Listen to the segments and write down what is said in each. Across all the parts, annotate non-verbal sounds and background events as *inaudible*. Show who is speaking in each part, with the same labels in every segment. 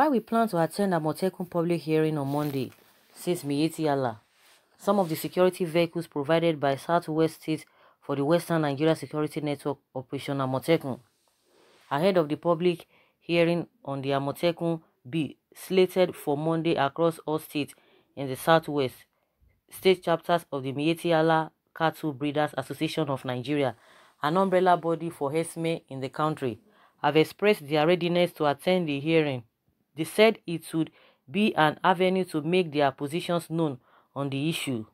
Speaker 1: While we plan to attend a Motekun public hearing on Monday, says Mieti Allah, some of the security vehicles provided by Southwest State for the Western Nigeria Security Network Operation Amotekun. Ahead of the public hearing on the Amotekun be slated for Monday across all states in the Southwest, state chapters of the Mieti Allah Cattle Breeders Association of Nigeria, an umbrella body for Hesme in the country, have expressed their readiness to attend the hearing they said it would be an avenue to make their positions known on the issue.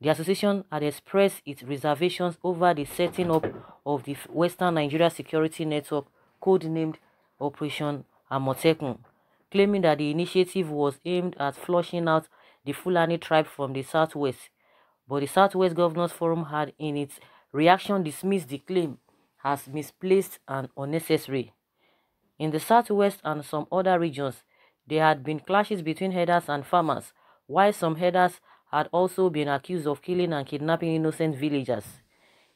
Speaker 1: The association had expressed its reservations over the setting up of the Western Nigeria Security Network, codenamed Operation Amotekun, claiming that the initiative was aimed at flushing out the Fulani tribe from the southwest. But the Southwest Governors Forum had in its reaction dismissed the claim as misplaced and unnecessary. In the southwest and some other regions, there had been clashes between herders and farmers, while some herders had also been accused of killing and kidnapping innocent villagers.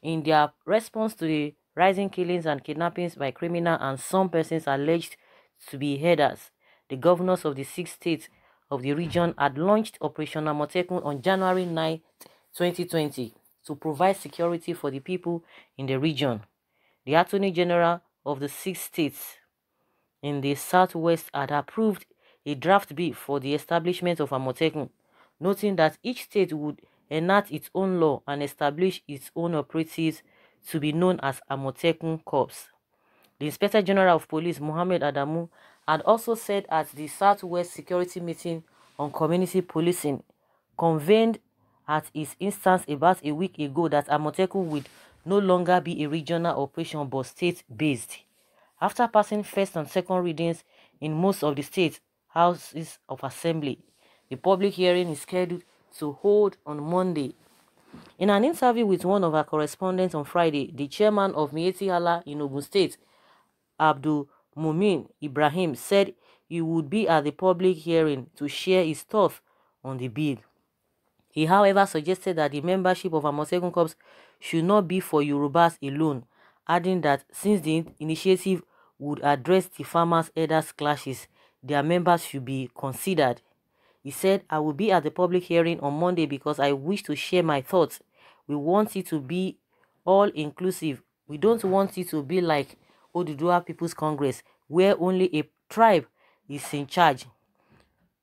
Speaker 1: In their response to the rising killings and kidnappings by criminals and some persons alleged to be herders, the governors of the six states of the region had launched Operation Amotekun on January 9, 2020 to provide security for the people in the region. The Attorney General of the six states in the southwest had approved a draft bill for the establishment of Amotekun, noting that each state would enact its own law and establish its own operatives to be known as Amotekun Corps. The Inspector General of Police, Mohammed Adamu, had also said at the Southwest Security Meeting on Community Policing, convened at his instance about a week ago that Amotekun would no longer be a regional operation but state-based. After passing first and second readings in most of the state houses of assembly, the public hearing is scheduled to hold on Monday. In an interview with one of our correspondents on Friday, the chairman of Mieti Hala in Ogun State, Abdul Mumin Ibrahim, said he would be at the public hearing to share his thoughts on the bill. He, however, suggested that the membership of Amosegun Corps should not be for Yorubas alone, adding that since the initiative would address the farmers' elders' clashes, their members should be considered. He said, I will be at the public hearing on Monday because I wish to share my thoughts. We want it to be all-inclusive. We don't want it to be like Oduduwa People's Congress, where only a tribe is in charge.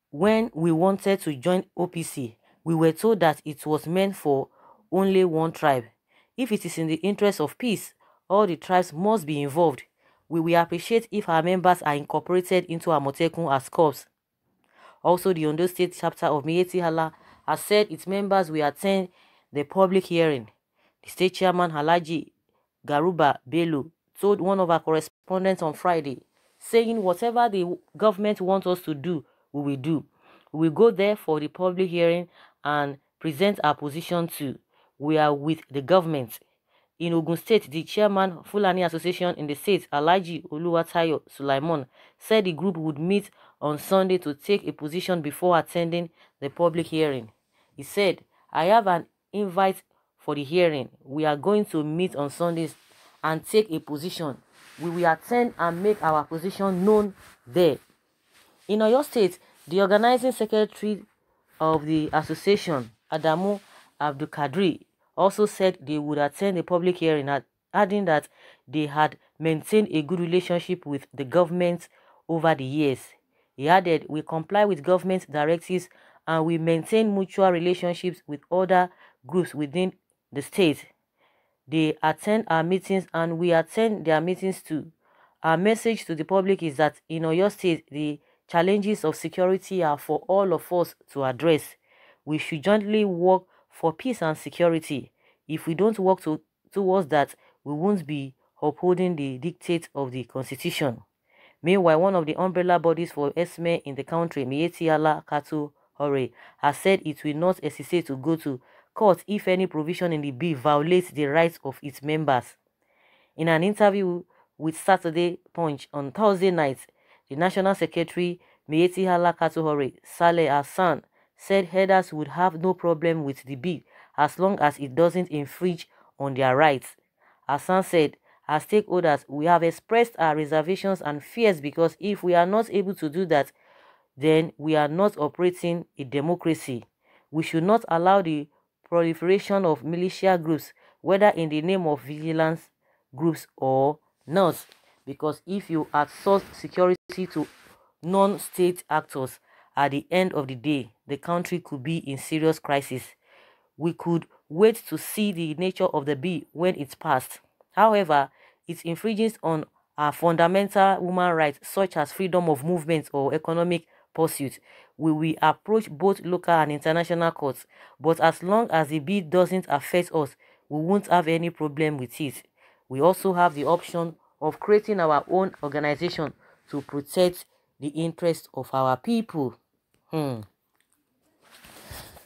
Speaker 1: When we wanted to join OPC, we were told that it was meant for only one tribe. If it is in the interest of peace, all the tribes must be involved. We will appreciate if our members are incorporated into our motekun as corps. Also, the Ondo State chapter of Mieti Hala has said its members will attend the public hearing. The state chairman Halaji Garuba Belu told one of our correspondents on Friday, saying whatever the government wants us to do, we will do. We will go there for the public hearing and present our position too. We are with the government. In Ogun State, the chairman Fulani Association in the state, Alaji Oluwatayo Sulaimon, said the group would meet on Sunday to take a position before attending the public hearing. He said, I have an invite for the hearing. We are going to meet on Sundays and take a position. We will attend and make our position known there. In Oyo State, the organizing secretary of the association, Adamu Abdulkadri, also said they would attend a public hearing, adding that they had maintained a good relationship with the government over the years. He added, we comply with government directives and we maintain mutual relationships with other groups within the state. They attend our meetings and we attend their meetings too. Our message to the public is that in Oyo State, the challenges of security are for all of us to address. We should jointly work for peace and security. If we don't work to, towards that, we won't be upholding the dictates of the constitution. Meanwhile, one of the umbrella bodies for Esme in the country, Mietiala Kato Hore, has said it will not hesitate to go to court if any provision in the bill violates the rights of its members. In an interview with Saturday Punch on Thursday night, the National Secretary Mietiala Kato Hore, Saleh Hassan, said herders would have no problem with the bill as long as it doesn't infringe on their rights. Hassan said, as stakeholders, we have expressed our reservations and fears because if we are not able to do that, then we are not operating a democracy. We should not allow the proliferation of militia groups, whether in the name of vigilance groups or not, because if you outsource security to non-state actors, at the end of the day, the country could be in serious crisis. We could wait to see the nature of the bill when it's passed. However, its infringement on our fundamental human rights such as freedom of movement or economic pursuit. We will approach both local and international courts, but as long as the bill doesn't affect us, we won't have any problem with it. We also have the option of creating our own organization to protect the interests of our people. Mm.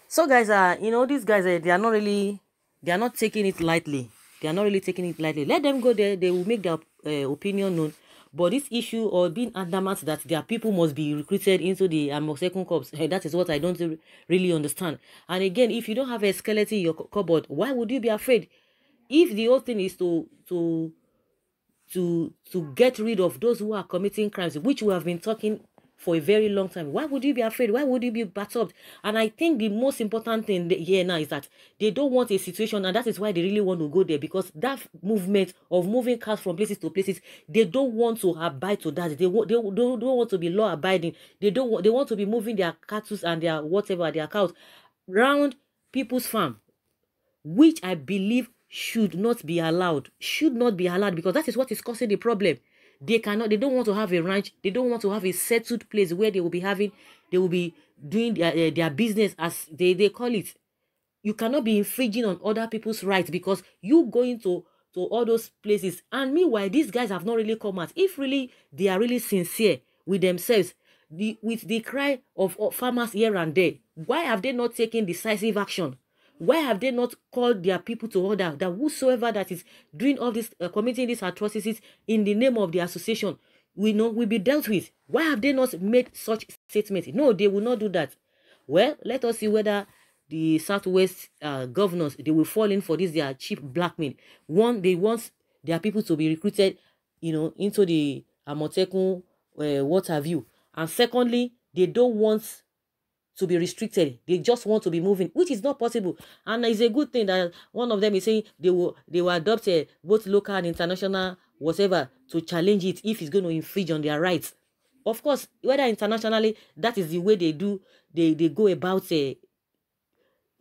Speaker 1: So guys are, uh, you know, these guys are, uh, they are not really, they are not taking it lightly. They are not really taking it lightly. Let them go there. They will make their uh, opinion known. But this issue or being adamant that their people must be recruited into the um, second Corps, hey, eh, that is what I don't really understand. And again, if you don't have a skeleton in your cupboard, why would you be afraid? If the whole thing is to to to to get rid of those who are committing crimes, which we have been talking for a very long time. Why would you be afraid? Why would you be perturbed? And I think the most important thing here now is that they don't want a situation, and that is why they really want to go there because that movement of moving cars from places to places, they don't want to abide to that. They, they, they don't, want to be law abiding. They don't they want to be moving their cattle and their whatever their cows round people's farm, which I believe should not be allowed. Should not be allowed because that is what is causing the problem. They cannot, they don't want to have a ranch. They don't want to have a settled place where they will be having, they will be doing their, eh, their business as they, they call it. You cannot be infringing on other people's rights because you going to to all those places. And meanwhile, these guys have not really come out. If really they are really sincere with themselves, the, with the cry of, farmers here and there, why have they not taken decisive action? Why have they not called their people to order that whosoever that is doing all this, uh, committing these atrocities in the name of the association, we know will be dealt with? Why have they not made such statements? No, they will not do that. Well, let us see whether the Southwest uh, governors, they will fall in for this, their cheap black men. One, they want their people to be recruited, you know, into the Amotekun, uh, what have you. And secondly, they don't want to be restricted. They just want to be moving, which is not possible. And it's a good thing that one of them is saying they will they were adopted eh, both local and international, whatever, to challenge it if it's going to infringe on their rights. Of course, whether internationally, that is the way they do they they go about eh,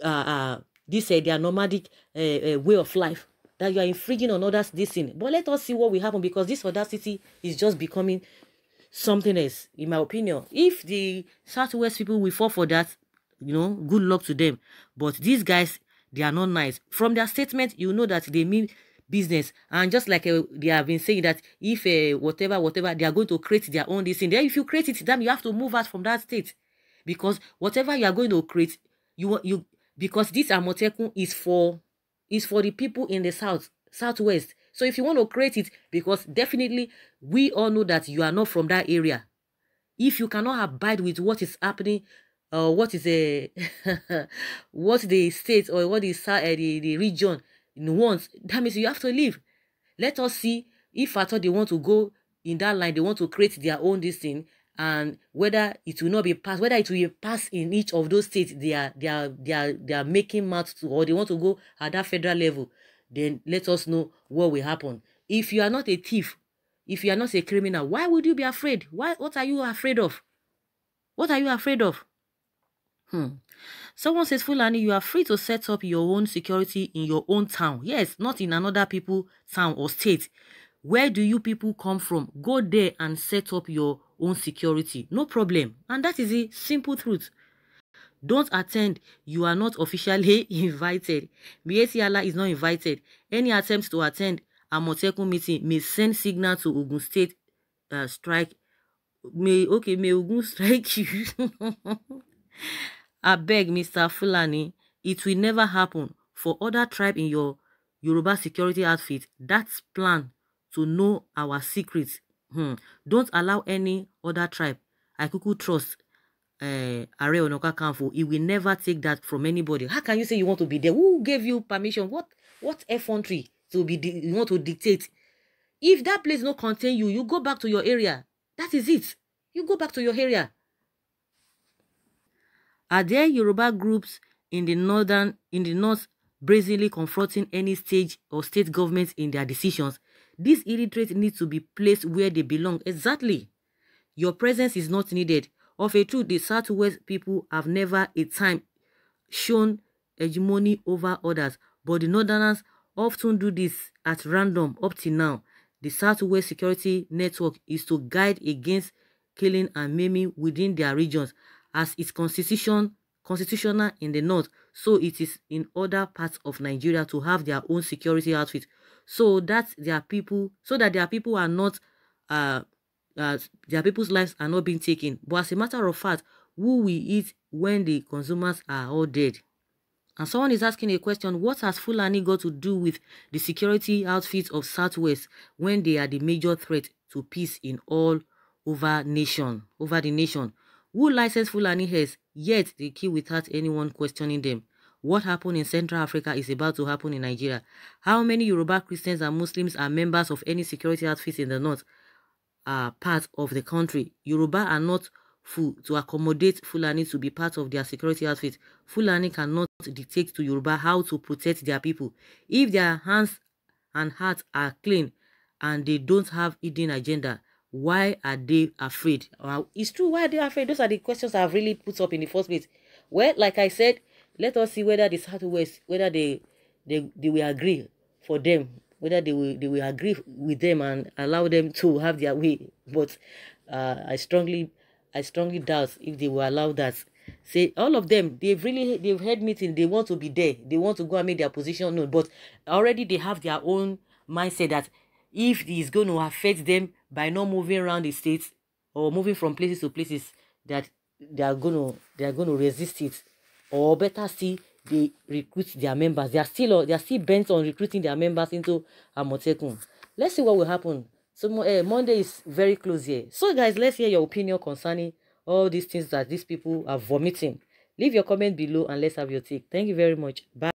Speaker 1: uh, uh, this uh, their nomadic uh, uh, way of life that you are infringing on others this thing but let us see what will happen because this audacity is just becoming something else, in my opinion. If the Southwest people will fall for that, you know, good luck to them. But these guys, they are not nice. From their statement, you know that they mean business. And just like uh, they have been saying that if uh, whatever, whatever, they are going to create their own this thing. Then if you create it, then you have to move out from that state. Because whatever you are going to create, you you because this Amotekun is for is for the people in the south, southwest. So if you want to create it, because definitely we all know that you are not from that area. If you cannot abide with what is happening, uh, what is eh, a *laughs* what the state or what is uh, eh, the, the region wants, that means you have to leave. Let us see if at all they want to go in that line, they want to create their own this thing, and whether it will not be passed, whether it will be passed in each of those states they are they are they are they are making mouth to or they want to go at that federal level then let us know what will happen. If you are not a thief, if you are not a criminal, why would you be afraid? Why, what are you afraid of? What are you afraid of? Hmm. Someone says, Fulani, you are free to set up your own security in your own town. Yes, not in another people town or state. Where do you people come from? Go there and set up your own security. No problem. And that is the simple truth. Don't attend. You are not officially *laughs* invited. BAC is not invited. Any attempt to attend a Motekun meeting may send signal to Ogun State uh, strike. May okay, may Ogun *laughs* strike you. I beg, Mr. Fulani, it will never happen for other tribe in your Yoruba security outfit. That's plan to know our secrets. Hmm. Don't allow any other tribe. I kuku trust uh, eh, Are Onokakanfo, he will never take that from anybody. How can you say you want to be there? Who gave you permission? What what effrontery to be you want to dictate? If that place not contain you, you go back to your area. That is it. You go back to your area. Are there Yoruba groups in the northern in the north brazenly confronting any stage or state governments in their decisions? These illiterates need to be placed where they belong. Exactly. Your presence is not needed. Of a truth, the Southwest people have never a time shown hegemony over others, but the Northerners often do this at random up till now. The Southwest Security Network is to guide against killing and maiming within their regions, as its constitution constitutional in the north, so it is in other parts of Nigeria to have their own security outfit, so that their people, so that their people are not uh, that their people's lives are not being taken. But as a matter of fact, who will eat when the consumers are all dead? And someone is asking a question, what has Fulani got to do with the security outfits of Southwest when they are the major threat to peace in all over nation, over the nation? Who licensed Fulani has yet they kill without anyone questioning them? What happened in Central Africa is about to happen in Nigeria. How many Yoruba Christians and Muslims are members of any security outfits in the North? are part of the country. Yoruba are not full to accommodate Fulani to be part of their security outfit. Fulani cannot dictate to Yoruba how to protect their people. If their hands and hearts are clean and they don't have hidden agenda, why are they afraid? Well, it's true, why are they afraid? Those are the questions I've really put up in the first place. Well, like I said, let us see whether the Southwest, whether they, they, they will agree for them whether they will they will agree with them and allow them to have their way. But uh, I strongly I strongly doubt if they will allow that. Say all of them, they've really they've had meeting, they want to be there, they want to go and make their position known. But already they have their own mindset that if it is going to affect them by not moving around the states or moving from places to places that they are going to they are going to resist it or better see they recruit their members. They are still they are still bent on recruiting their members into Amotekun. Let's see what will happen. So uh, Monday is very close here. So guys, let's hear your opinion concerning all these things that these people are vomiting. Leave your comment below and let's have your take. Thank you very much. Bye.